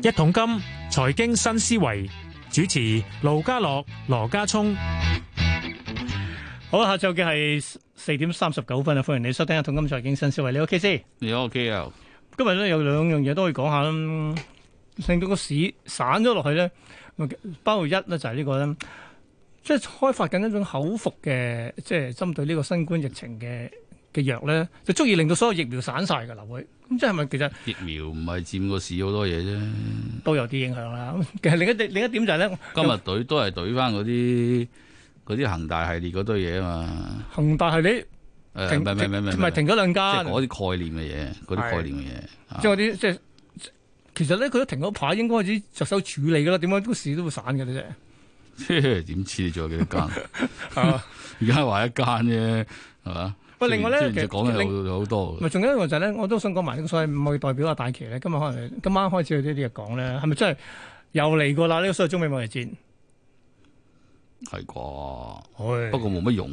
一桶金財經新思維主持盧家樂、羅家聰，好啦，下晝嘅係四點三十九分啊，歡迎你收聽一桶金財經新思維。你好 KC 先，你好 KC 啊，今日咧有兩樣嘢都可以講下啦。令到個市散咗落去咧，包括一咧就係呢個咧，即係開發緊一種口服嘅，即係針對呢個新冠疫情嘅。嘅藥咧，就足以令到所有疫苗散晒噶，流去咁，即係咪？其實疫苗唔係佔個市好多嘢啫，都有啲影響啦。其實另一點，另一點就係咧，今日隊都係隊翻嗰啲啲恒大系列嗰堆嘢啊嘛。恒大系列誒，唔係停咗兩間，即係啲概念嘅嘢，嗰啲概念嘅嘢，即係嗰啲即係其實咧，佢都停咗牌，應該開始着手處理噶啦。點解個市都會散嘅啫？點知你仲有幾多間？而家話一間啫，係嘛？不過另外咧，是其實講咧有好多唔係，仲有一個就係咧，我都想講埋呢個稅。唔係代表阿大奇咧，今日可能今晚開始有呢啲嘢講咧，係咪真係又嚟過啦？呢、這個所謂中美貿易戰係啩？吧哎、不過冇乜用。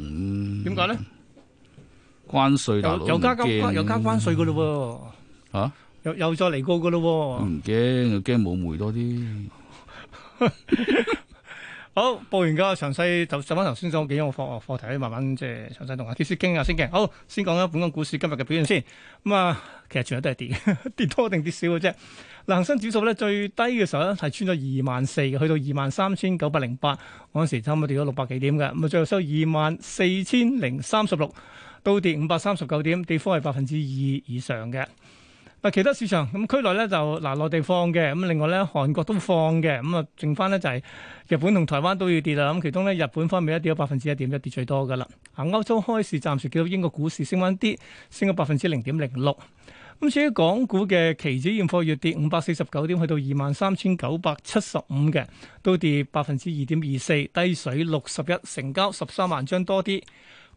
點解咧？關稅又加又加關稅噶咯喎。吓、啊！又再、啊、又再嚟過噶咯喎。唔驚，驚冇煤多啲。好報完嘅，詳細就上翻頭先嗰幾個課課題，慢慢即係詳細同下，繼續傾下先嘅。好，先講一下本港股市今日嘅表現先。咁啊，其實全日都係跌， 跌多定跌少嘅啫。恒生指數咧最低嘅時候咧係穿咗二萬四，去到二萬三千九百零八嗰時差唔多跌咗六百幾點嘅，咁啊最後收二萬四千零三十六，到跌五百三十九點，跌幅係百分之二以上嘅。其他市場咁，區內咧就嗱內地放嘅，咁另外咧韓國都放嘅，咁啊剩翻咧就係日本同台灣都要跌啦。咁其中咧日本方面一跌咗百分之一點一，跌最多噶啦。啊，歐洲開市暫時見到英國股市升翻啲，升咗百分之零點零六。咁至於港股嘅期指現貨月跌五百四十九點，去到二萬三千九百七十五嘅，都跌百分之二點二四，低水六十一，成交十三萬張多啲。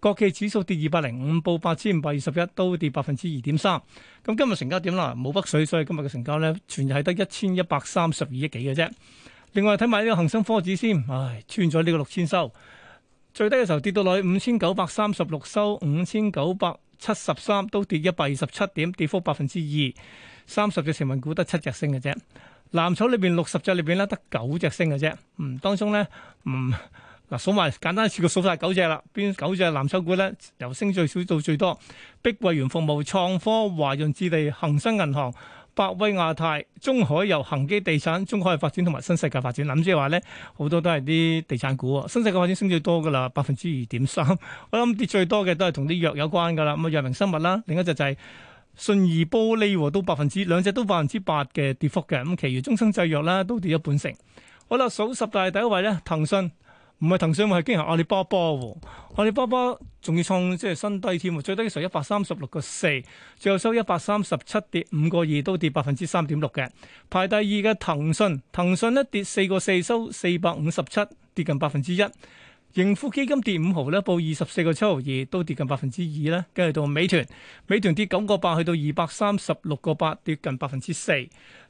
國企指數跌二百零五，報八千五百二十一，都跌百分之二點三。咁今日成交點啦，冇北水，所以今日嘅成交咧，全日係得一千一百三十二億幾嘅啫。另外睇埋呢個恒生科指先，唉，穿咗呢個六千收，最低嘅時候跌到落去五千九百三十六收五千九百七十三，73, 都跌一百二十七點，跌幅百分之二。三十隻成分股得七隻升嘅啫，藍籌裏邊六十隻裏邊咧，得九隻升嘅啫。嗯，當中咧，嗯。嗱、啊，數埋簡單，一次過數晒九隻啦。邊九隻藍籌股咧？由升最少到最多，碧桂園服務、創科、華潤置地、恒生銀行、百威亞太、中海油、恒基地產、中海發展同埋新世界發展。諗即係話咧，好多都係啲地產股。新世界發展升最多噶啦，百分之二點三。 我諗跌最多嘅都係同啲藥有關噶啦。咁藥明生物啦，另一隻就係信義玻璃，都百分之兩隻都百分之八嘅跌幅嘅。咁，其餘中生製藥啦，都跌咗半成。好啦，數十大第一位咧，騰訊。唔係騰訊，係驚嚇阿里巴巴喎。阿里巴巴仲要創即係新低添喎，最低嘅時候一百三十六個四，最後收一百三十七，跌五個二，都跌百分之三點六嘅。排第二嘅騰訊，騰訊一跌四個四，收四百五十七，跌近百分之一。盈富基金跌五毫咧，報二十四個七毫二，都跌近百分之二咧。跟住，到美團，美團跌九個八，去到二百三十六個八，跌近百分之四。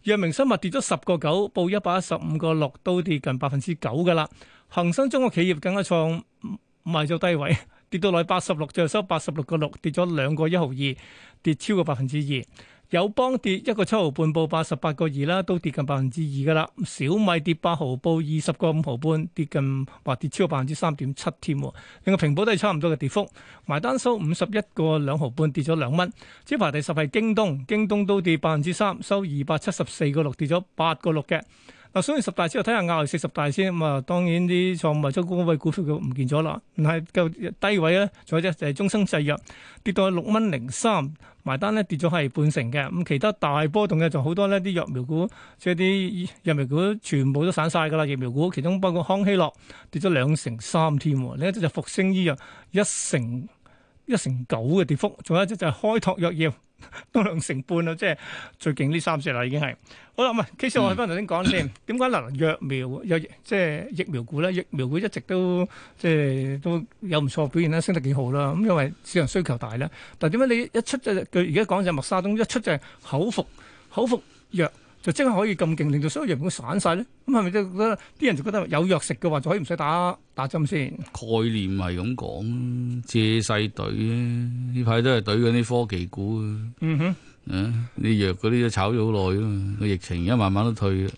藥明生物跌咗十個九，報一百一十五個六，都跌近百分之九噶啦。恒生中國企業更加創埋咗低位，跌到落八十六，再收八十六個六，跌咗兩個一毫二，跌超過百分之二。友邦跌一個七毫半報八十八個二啦，2，都跌近百分之二噶啦。小米跌八毫報二十個五毫半，跌近或跌超過百分之三點七添。另外蘋果都係差唔多嘅跌幅，埋單收五十一個兩毫半，跌咗兩蚊。招牌第十係京東，京東都跌百分之三，收二百七十四個六，跌咗八個六嘅。嗱，所以十大之後睇下亞四十大先，咁啊，當然啲創物質高位股票佢唔見咗啦。唔係，就低位咧，仲有隻就係中生製藥跌到六蚊零三埋單咧，跌咗係半成嘅。咁其他大波動嘅就好多咧，啲疫苗股即係啲疫苗股全部都散晒噶啦。疫苗股其中包括康希諾跌咗兩成三添，另一隻就復星醫藥一成，一成九嘅跌幅，仲有一隻就係開拓藥業，都兩成半啦，即係最勁呢三隻啦，已經係好啦。唔係，其實我喺翻頭先講先，點解嗱藥苗有即係疫苗股咧？疫苗股一直都即係都有唔錯表現啦，升得幾好啦。咁因為市場需求大啦。但係點解你一出就佢而家講就係默沙東，一出就係口服口服藥。就即刻可以咁勁，令到所有藥股散晒咧？咁係咪都覺得啲人就覺得有藥食嘅話，就可以唔使打打針先？概念係咁講，借勢懟啊！呢排都係懟緊啲科技股啊！嗯哼，啊，你藥嗰啲都炒咗好耐啦，個疫情而家慢慢都退啦。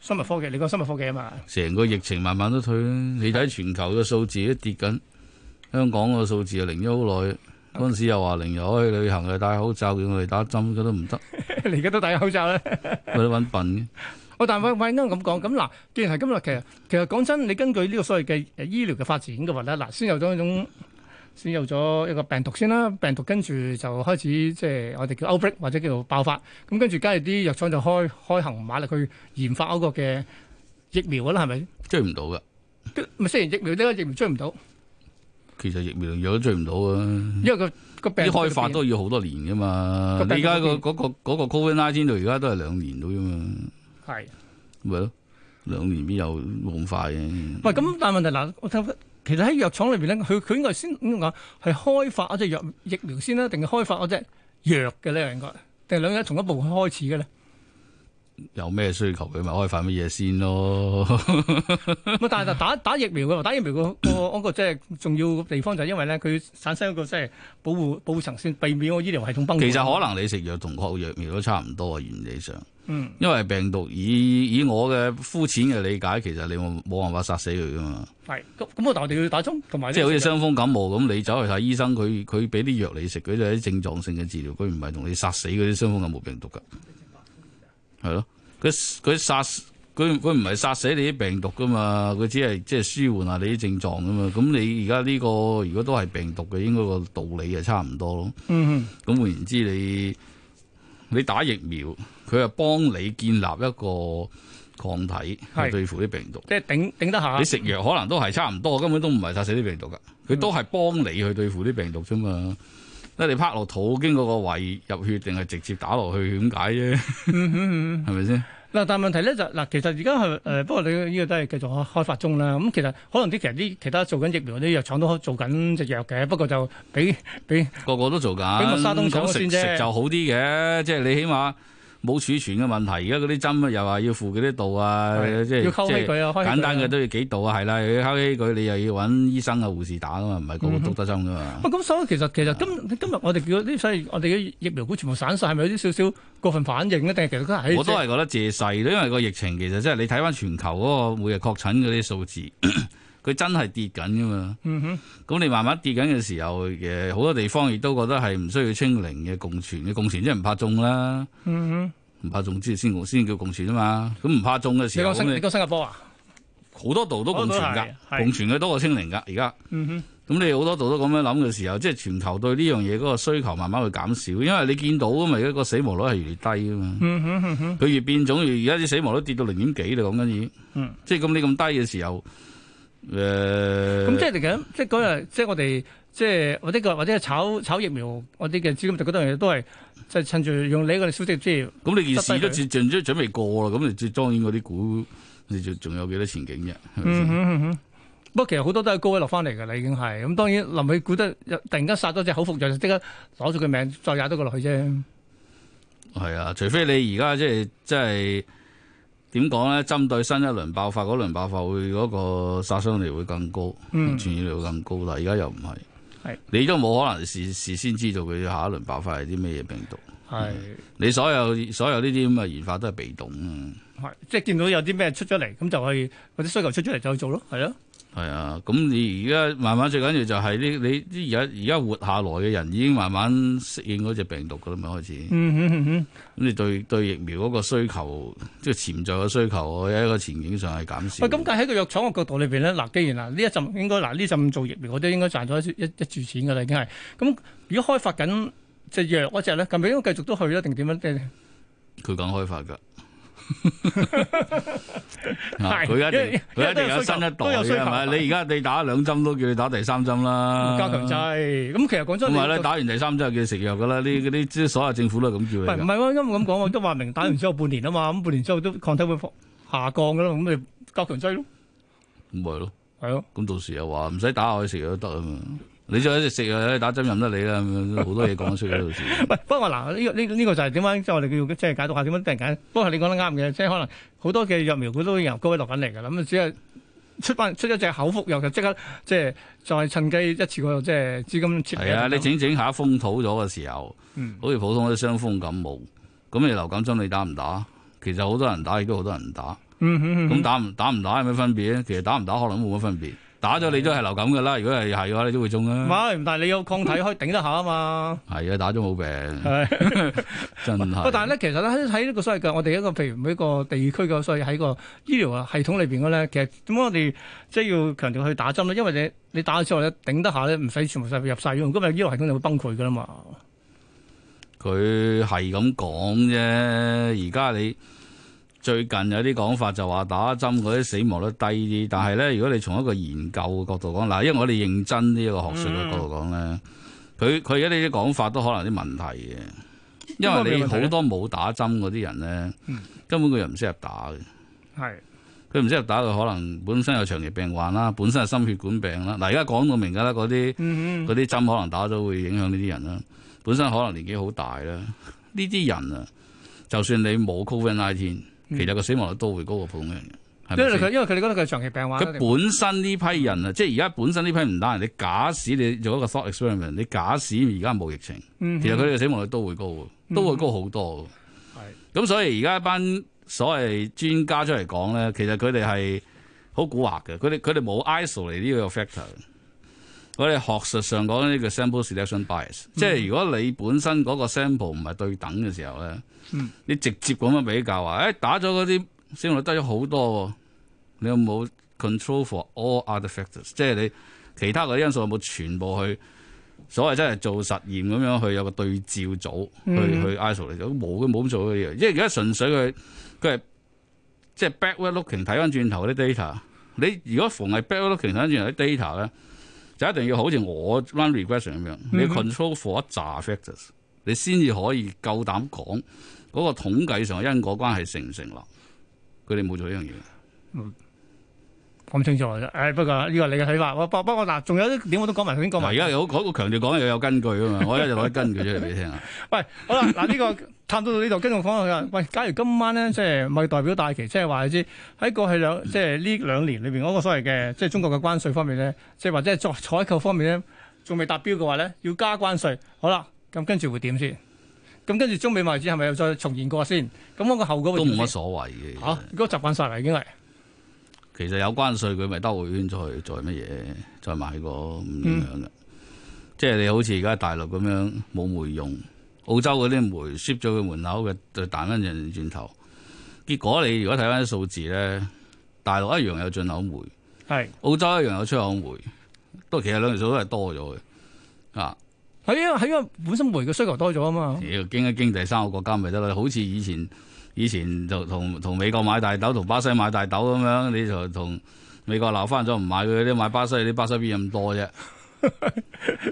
生物科技，你講生物科技啊嘛？成個疫情慢慢都退啦，你睇全球嘅數字都跌緊，香港個數字又零咗好耐。嗰陣 Okay. 時又話零又可以旅行，又、呃呃呃呃呃、戴口罩，叫我哋打針，佢都唔得。 你而家都戴口罩咧， 我得揾笨我，但係喂，啱咁講咁嗱，既然係咁啦，其實其實講真，你根據呢個所謂嘅醫療嘅發展嘅話咧，嗱，先有咗一種先有咗一個病毒先啦，病毒跟住就開始即係我哋叫 outbreak 或者叫做爆發。咁跟住，加入啲藥廠就開開行馬力，去研發嗰個嘅疫苗啦，係咪追唔到嘅？咪雖然疫苗呢個疫苗追唔到。其實疫苗藥都追唔到啊，因為、那個個病啲開發都要好多年噶嘛，而家個嗰個嗰、那個 covid nineteen 度而家都係兩年到啫嘛，係咪咯？兩年邊有咁快嘅？喂，係咁，但係問題嗱，我聽，其實喺藥廠裏邊咧，佢佢應該先點講？係、嗯、開發嗰隻藥疫苗先啦，定係開發嗰隻藥嘅咧？應該定係兩樣從一步開始嘅咧？有咩需求佢咪開翻乜嘢先咯？ 但係打打疫苗嘅打疫苗，嗰個 個嗰即係重要地方就係因為咧佢產生一個即係保護保護層，先避免個醫療系統崩潰。其實可能你食藥同學疫苗都差唔多啊，原理上。嗯、因為病毒以以我嘅膚淺嘅理解，其實你冇冇辦法殺死佢噶嘛。係咁咁，但係我哋要打針同埋。即係好似傷風感冒咁，你走去睇醫生，佢佢俾啲藥你食，佢就係啲症狀性嘅治療，佢唔係同你殺死嗰啲傷風感冒病毒噶。係咯，佢佢殺佢佢唔係殺死你啲病毒噶嘛，佢只係即係舒緩下你啲症狀噶嘛。咁你而家呢個如果都係病毒嘅，應該個道理就差唔多咯。嗯哼，咁換言之你，你你打疫苗，佢係幫你建立一個抗體去對付啲病毒，即係頂頂得下。你食藥可能都係差唔多，根本都唔係殺死啲病毒噶，佢都係幫你去對付啲病毒啫嘛。一嚟趴落肚，經過個胃入血，定係直接打落去咁解啫，係咪先？嗱、嗯，嗯、 但係問題咧就嗱，其實而家係誒，不過你呢個都係繼續開開發中啦。咁其實可能啲其實啲其他做緊疫苗啲藥廠都做緊隻藥嘅，不過就比比個個都做緊，比默沙東首選啫就好啲嘅，即、就、係、是、你起碼。冇儲存嘅問題，而家嗰啲針又話要負幾多度啊？的即係是要溝起佢啊，開、啊、簡單嘅都要幾度啊？係啦，要敲起佢，你又要揾醫生啊、護士打啊嘛，唔係個個都得針㗎嘛。咁所以其實其實的今今日我哋叫啲，所以我哋嘅疫苗股全部散晒，係咪有啲少少過分反應呢？定係其實都係、就是、我都係覺得借勢，因為個疫情其實即係你睇翻全球嗰個每日確診嗰啲數字。 佢真係跌緊噶嘛？咁你慢慢跌緊嘅時候，誒，好多地方亦都覺得係唔需要清零嘅共存嘅共存，即係唔怕中啦。唔怕中之後先先叫共存啊嘛。咁唔怕中嘅時候，你講新加坡啊，好多度都共存噶，共存嘅多過清零噶。而家咁你好多度都咁樣諗嘅時候，即係全球對呢樣嘢嗰個需求慢慢會減少，因為你見到噶嘛，而家個死亡率係越嚟越低啊嘛。佢越變種，而家啲死亡率跌到零點幾，你講緊已。即係咁你咁低嘅時候。誒，咁、嗯嗯、即係嚟緊，即係嗰日，即係我哋，即係或者個，或者炒炒疫苗我啲嘅資金等等，就覺得都係，就趁住用你嗰啲消息，即係。咁你件事都準準準準備過啦，咁你最當然嗰啲股，你就仲有幾多前景啫。不、嗯、過、嗯嗯、其實好多都係高位落翻嚟噶啦，已經係。咁當然，臨去估得突然間殺咗隻，口服藥就即刻攞住佢命，再踩多個落去啫。係啊，除非你而家即係即係。點講咧？針對新一輪爆發嗰輪爆發會嗰個殺傷力會更高，傳染率會更高。嗯、更高但而家又唔係，係是你都冇可能事事先知道佢下一輪爆發係啲咩嘢病毒。係是、嗯、你所有所有呢啲咁嘅研發都係被動啊！即係見到有啲咩出咗嚟，咁就可以或者需求出咗嚟就去做咯，係咯、啊。係啊，咁你而家慢慢最緊要就係啲你啲而家而家活下來嘅人已經慢慢適應嗰隻病毒噶啦嘛開始。咁你 對對疫苗嗰個需求，即係潛在嘅需求，喺一個前景上係減少。喂，咁但喺個藥廠嘅角度裏邊呢，嗱，既然嗱呢一陣應該嗱呢陣做疫苗，我都應該賺咗一一注錢噶啦，已經係。咁如果開發緊隻藥嗰隻咧，咁咪應該繼續都去一定點樣？佢講開發㗎。佢、 啊、一定佢一定有新一代係咪？你而家你打兩針都叫你打第三針啦，嗯，加強劑。咁其實講真唔係咧，就打完第三針又叫你食藥噶啦。呢啲即所有政府都係咁做嘅。唔係，因為咁講，我都話明打完之後半年啊嘛，咁、嗯、半年之後都抗體會下降噶啦，咁咪加強劑咯。咁咪咯，係咯、啊。咁到時又話唔使打，我去食藥都得啊嘛。你就一直食啊！打針任得你啦，好多嘢講得出嘅。喂， 不過嗱，呢呢呢個就係點樣？即係我哋要即係解讀下點樣突然間。不過你講得啱嘅，即係可能好多嘅疫苗，佢都由高位落緊嚟嘅。咁啊，只係出翻出咗隻口服藥就即刻，即係再趁機一次過即係資金。係啊，你整整一下一封土咗嘅時候，嗯、好似普通啲傷風感冒，咁你流感針你打唔打？其實好多，多人打，亦都好多人打。咁打唔打唔打有咩分別咧？其實打唔打可能冇乜分別。打咗你都係流感噶啦，的如果係，係嘅話，你都會中啊。唔係，唔但係你有抗體可以頂得下啊嘛。係啊，打咗冇病。係真係。但係咧，其實咧喺呢個所謂嘅我哋一個譬如每個地區嘅所以喺個醫療啊系統裏邊嘅咧，其實點解我哋即係要強調去打針咧？因為你你打咗之後咧，頂得下咧，唔使全部晒入晒咁，咁咪醫療系統就會崩潰噶啦嘛。佢係咁講啫，而家你。最近有啲講法就話打針嗰啲死亡率低啲，但係咧，如果你從一個研究嘅角度講，嗱，因為我哋認真呢一個學術嘅角度講咧，佢佢而家呢啲講法都可能有啲問題嘅，因為你好多冇打針嗰啲人咧，呢根本佢又唔適合打嘅，係佢唔適合打，佢可能本身有長期病患啦，本身係心血管病啦，嗱，而家講到明㗎啦，嗰啲啲針可能打咗會影響呢啲人啦，本身可能年紀好大啦，呢啲人啊，就算你冇 COVID-19 其實個死亡率都會高過普通人，嘅，因為佢因為佢哋覺得佢係長期病患，佢本身呢批人啊，的即係而家本身呢批唔單人，你假使你做一個 thought experiment，你假使而家冇疫情，其實佢哋死亡率都會高，都會高好多係，咁的所以而家一班所謂專家出嚟講咧，其實佢哋係好蠱惑嘅，佢哋佢哋冇 isolate 呢個 factor。我哋學術上講緊，呢個 sample selection bias，即係如果你本身嗰個 sample 唔係對等嘅時候咧，嗯、你直接咁樣比較話，誒、欸、打咗嗰啲使用率低咗好多，你有冇 control for all other factors？即係你其他嘅因素有冇全部去所謂真係做實驗咁樣去有個對照組、嗯、去去 isolate 冇，都冇咁做嘅嘢。因為而家純粹佢佢係即係、就是、backward looking 睇翻轉頭啲 data。你如果逢係 backward looking 睇翻轉頭啲 data 咧，就一定要好似我 run regression 咁樣，mm hmm. 你 control for 一紮 factors，你先至可以夠膽講嗰個統計上嘅因果關係成唔成立。佢哋冇做呢樣嘢。Mm hmm. 講清楚啫，誒、哎，不過呢個你嘅睇法，我不過不我嗱，仲有啲點，點我都講埋，先講埋。而家有好，我強調講又有根據噶嘛， 我咧就攞啲根據出嚟俾你聽啊。 喂，好啦，嗱、啊、呢、這個探討到呢度，跟住講下。喂，假如今晚咧，即係咪代表大旗，即係話你知喺過去兩，即係呢兩年裏邊嗰、那個所謂嘅，即係中國嘅關稅方面咧，即係或者係作採購方面咧，仲未達標嘅話咧，要加關稅。好啦，咁跟住會點先？咁跟住中美貿易戰係咪又再重現過先？咁、那、嗰個後果都冇乜所謂嘅。吓、啊，如果習慣晒喇，已經係。其實有關稅佢咪兜個圈出去再乜嘢再買過咁樣嘅。嗯、即係你好似而家大陸咁樣冇煤用，澳洲嗰啲煤 ship 咗去門口嘅就彈翻轉轉頭，結果你如果睇翻啲數字咧，大陸一樣有進口煤，係是澳洲一樣有出口煤，都其實兩條數都係多咗嘅是啊。係因為係本身煤嘅需求多咗啊嘛，要經一經第三個國家咪得啦。好似以前以前就同同美國買大豆，同巴西買大豆咁樣，你就同美國鬧翻咗唔買佢啲，買巴西啲，巴西邊咁多啫。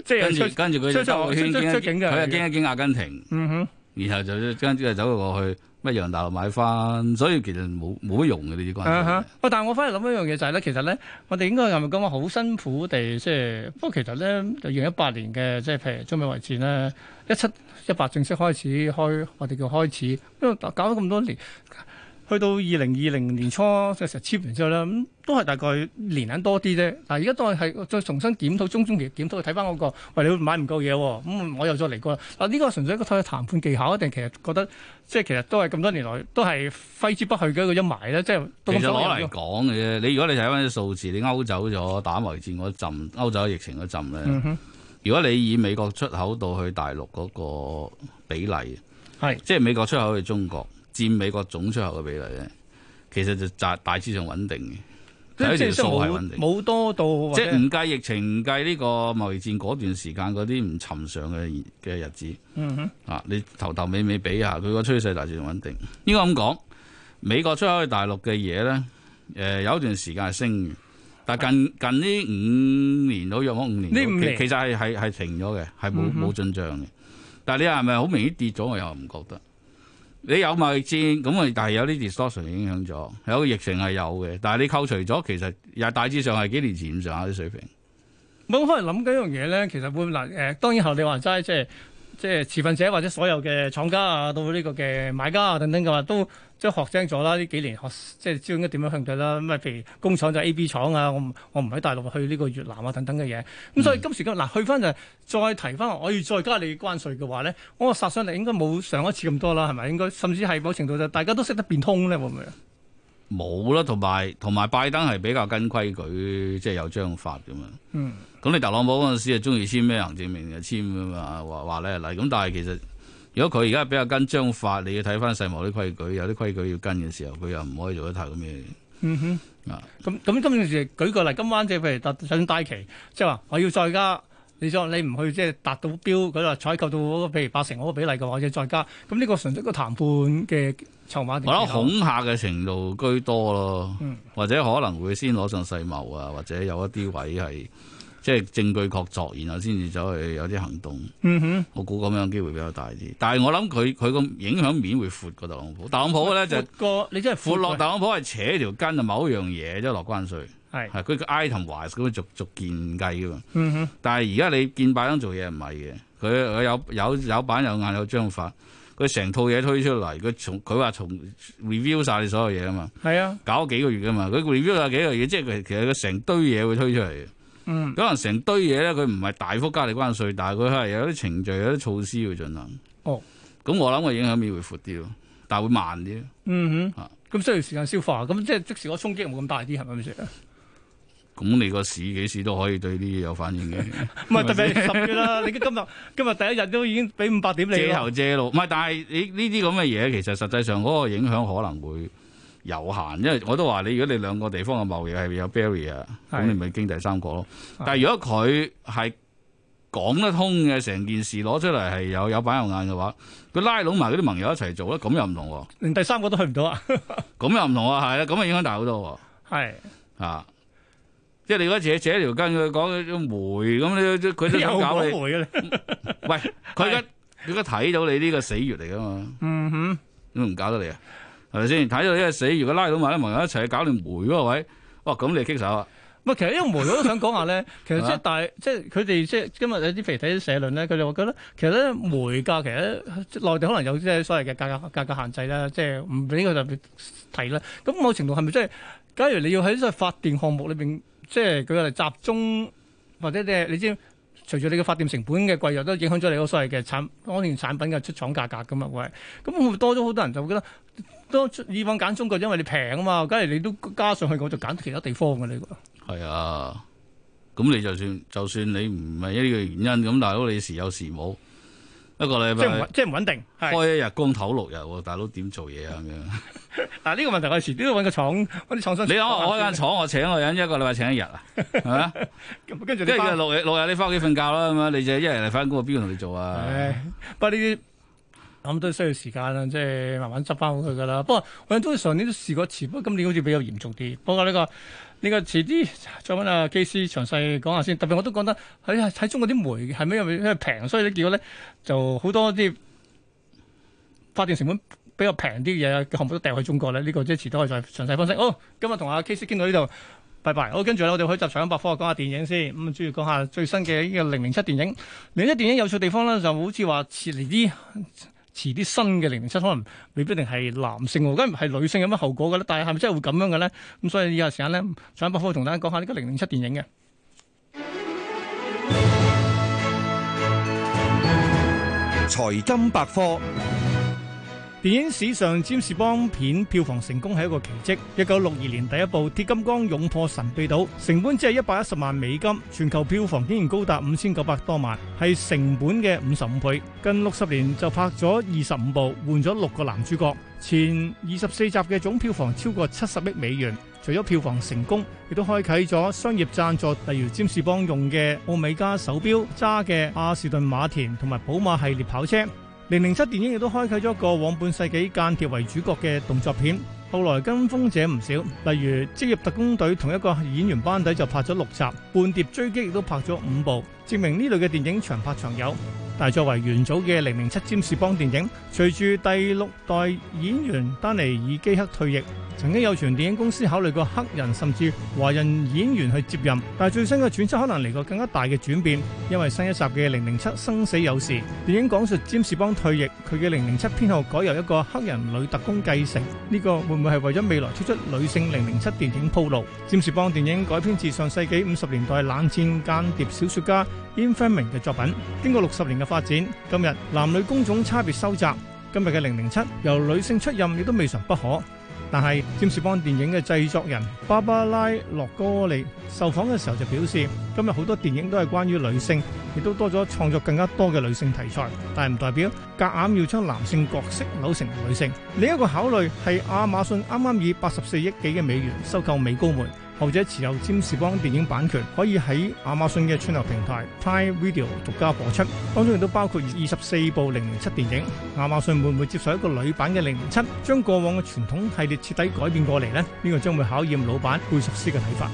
跟住跟住佢就走個圈，佢又經一經阿根廷，嗯哼，然後就跟住就走咗過去。乜洋大路買翻，所以其實冇冇乜用嘅呢啲關係。啊哈！但係我翻嚟諗一樣嘢就係、是、咧，其實咧我哋應該係咪咁啊？好辛苦地即係，不過其實咧就用一八年嘅，即係譬如中美為戰呢，一七一八正式開始開我哋叫開始，因搞咗咁多年。去到二零二零年初嘅時候簽完之後咧，咁、嗯、都係大概年銀多啲啫。嗱，而家都係再重新檢討，中中期檢討睇翻嗰個，喂，你買唔夠嘢喎，咁、嗯、我又再嚟過。嗱，呢個純粹一個睇談判技巧一定其實覺得即係其實都係咁多年來都係揮之不去嘅一個陰霾咧。即係其實攞嚟講嘅啫。你如果你睇翻啲數字，你歐走咗打埋戰嗰陣，歐走疫情嗰陣咧，嗯、哼如果你以美國出口到去大陸嗰個比例，係是即係美國出口去中國。佔美國總出口嘅比例咧，其實就大大致上穩定嘅，有是一段數係穩定，冇多到即係唔計疫情，唔計呢個貿易戰嗰段時間嗰啲唔尋常嘅嘅日子。嗯、哼啊，你頭頭尾尾比下佢個趨勢，大致上穩定。應該咁講，美國出口去大陸嘅嘢咧，誒、呃、有一段時間係升嘅，但係近、嗯、哼近呢五年到約滿五年，年，呢五年其實係係係停咗嘅，係冇冇進賬嘅。嗯、哼但係你係咪好明顯跌咗？我又唔覺得。你有貿易戰咁啊，但係有啲 distortion 影響咗，有個疫情係有嘅，但係你扣除咗，其實又大致上係幾年前咁上下啲水平。咁、嗯、我可能諗緊一樣嘢咧，其實會唔會嗱誒、呃，當然後你話齋即係即係持份者或者所有嘅廠家啊，到呢個嘅買家啊等等嘅話都。即係學精咗啦！呢幾年學即係知道應該點樣向對啦。咁啊，譬如工廠就 A、B 廠啊，我唔我唔喺大陸去呢個越南啊等等嘅嘢。咁、嗯、所以今時今日嗱去翻就再提翻，我要再加你關稅嘅話咧，我殺上嚟應該冇上一次咁多啦，係咪應該？甚至係某程度就大家都識得變通咧，會唔會？冇啦，同埋同埋拜登係比較跟規矩，即係有章法咁啊。嗯。咁你特朗普嗰陣時啊，中意簽咩行政命令簽啊？話話咧嗱，咁但係其實。如果佢而家比較跟章法，你要睇翻世貿啲規矩，有啲規矩要跟嘅時候，佢又唔可以做得太咁樣。嗯哼，啊，咁咁今件事舉個例，嗯、今晚即係譬如特上大旗，即係話我要再加，你想你唔去即係達到標，佢話採購到嗰、嗰個譬如八成嗰個比例嘅話，要再加，咁呢個純粹個談判嘅籌碼。我諗恐嚇嘅程度居多咯，嗯、或者可能會先攞上世貿啊，或者有一啲位係。即係證據確鑿，然後先至走去有啲行動。嗯哼、mm，hmm. 我估咁樣機會比較大啲。但係我諗佢佢個影響面會闊過特朗普。特朗普咧麼就個你真係闊落。過過特朗普係扯條筋啊，某一樣嘢即係落關稅。係係佢個 item wise，咁樣逐逐建計噶嘛。哼、mm。Hmm. 但係而家你見拜登做嘢唔係嘅，佢佢有有有板有眼有章法，佢成套嘢推出嚟，佢從佢話從 review 晒你所有嘢啊嘛。係啊。搞幾個月噶嘛，佢 review 晒幾個月，即係其實佢成堆嘢會推出嚟。嗯，可能成堆嘢咧，佢唔係大幅加利關稅，但係佢係有啲程序、有啲措施要進行。哦，咁我諗個影響面會闊啲咯，但係會慢啲。嗯哼，咁需要時間消化，咁即係即時個衝擊冇咁大啲，係咪咁意思啊？咁你個市幾時都可以對呢啲嘢有反應嘅？唔係 特別十月啦， 你今日今日第一日都已經俾五百點你。借頭借路，唔係，但係你呢啲咁嘅嘢，其實實際上嗰個影響可能會。有限，因為我都話你，如果你兩個地方嘅貿易係有 barrier，咁你咪經第三個咯。的但係如果佢係講得通嘅成件事攞出嚟係有有板有眼嘅話，佢拉攏埋嗰啲盟友一齊做咧，咁又唔同喎。連第三個都去唔到啊，咁又唔同啊，係啊，咁啊影響大好多。係啊，的即係你如果自己扯條筋，佢講煤咁，佢都想搞你。有好嘅喂，佢而家佢家睇到你呢個死穴嚟㗎嘛？的嗯哼，唔搞得你啊！係咪先睇到呢個死？如果拉到埋啲朋友一齊去搞掂煤嗰個位，哇！咁你棘手啊？唔係，其實呢個煤我都想講下咧。 其實即係，但係即係佢哋即係今日有啲肥體社論咧，佢哋會覺得其實咧煤價其實內地可能有即係所謂嘅價格價格限制啦，即係唔俾佢特別提啦。咁某程度係咪即係？假如你要喺啲嘅發電項目裏邊，即係佢哋集中或者即係你知，隨住你嘅發電成本嘅貴又都影響咗你個所謂嘅產安全產品嘅出廠價格噶嘛？喂，咁會唔會多咗好多人就會覺得？都以往揀中國，因為你平啊嘛，梗係你都加上去，我就揀其他地方嘅呢個。係啊，咁你就算就算你唔係呢個原因，咁大佬你時有時冇一個禮拜，即係唔即係唔穩定，開一日工唞六日，大佬點做嘢啊？咁嗱呢個問題我遲啲都要揾個廠揾啲廠商。廠商你講我開間廠，我請個人一個禮拜請一日啊？係嘛？ 跟住六六日你翻屋企瞓覺啦咁樣，你就一人嚟翻工，邊個同你做啊？不過呢啲。咁都需要時間啦，即係慢慢執翻好佢噶啦。不過我諗都上年都試過遲，不過今年好似比較嚴重啲。不過呢個呢個遲啲再問阿、啊、K C 詳細講下先。特別我都覺得喺喺中國啲煤係咪因為因為平，所以咧結果咧就好多啲發電成本比較平啲嘅嘢項目都掉去中國咧。呢、這個即係遲啲可以再詳細分析。好、哦，今日同阿 K C 傾到呢度，拜拜。好、哦，跟住咧我哋可以集場百科講下電影先。咁主要講下最新嘅呢個《零零七》電影，電影《零零七》電影有趣地方咧就好似話遲嚟啲。遲啲新嘅零零七可能未必定係男性喎，咁係女性有乜後果嘅咧？但係係咪真係會咁樣嘅咧？咁所以以下時間咧，財經百科同大家講下呢個零零七電影嘅財金百科。電影史上，占士邦片票房成功係一個奇蹟。一九六二年第一部《鐵金剛勇破神秘島》，成本只係一百一十萬美金，全球票房竟然高達五千九百多萬，係成本嘅五十五倍。近六十年就拍咗二十五部，換咗六個男主角。前二十四集嘅總票房超過七十億美元。除咗票房成功，亦都開啟咗商業贊助，例如占士邦用嘅奧美加手錶、揸嘅阿士頓馬田同埋寶馬系列跑車。《零零七》電影亦都開啟咗一個往半世紀間諜為主角嘅動作片，後來跟風者唔少，例如《職業特工隊》同一個演員班底就拍咗六集，《叛諜追擊》亦都拍咗五部，證明呢類嘅電影長拍長有。但係作為元祖嘅《零零七》占士邦電影，隨住第六代演員丹尼爾基克退役，曾經有傳電影公司考慮過黑人甚至華人演員去接任。但係最新嘅轉折可能嚟個更加大嘅轉變，因為新一集嘅《零零七生死有時》電影講述占士邦退役，佢嘅《零零七》編號改由一個黑人女特工繼承。呢、這個會唔會係為咗未來推出，出女性《零零七》電影鋪路？占士邦電影改編自上世紀五十年代冷戰間諜小說家 Ian Fleming 嘅作品，經過六十年嘅發展今日男女工種差別收窄，今日嘅零零七由女性出任亦都未嘗不可。但係，占士邦電影嘅製作人芭芭拉洛哥尼受訪嘅時候就表示，今日好多電影都係關於女性，亦都多咗創作更加多嘅女性題材。但係唔代表夾硬要將男性角色扭成女性。另一個考慮係亞馬遜啱啱以八十四億幾嘅美元收購美高梅。後者持有《詹士邦》電影版權，可以喺亞馬遜嘅串流平台 Prime Video 獨家播出。當中亦都包括二十四部《零零七》電影。亞馬遜會唔會接受一個女版嘅《零零七》，將過往嘅傳統系列徹底改變過嚟呢？呢個將會考驗老闆貝索斯嘅睇法。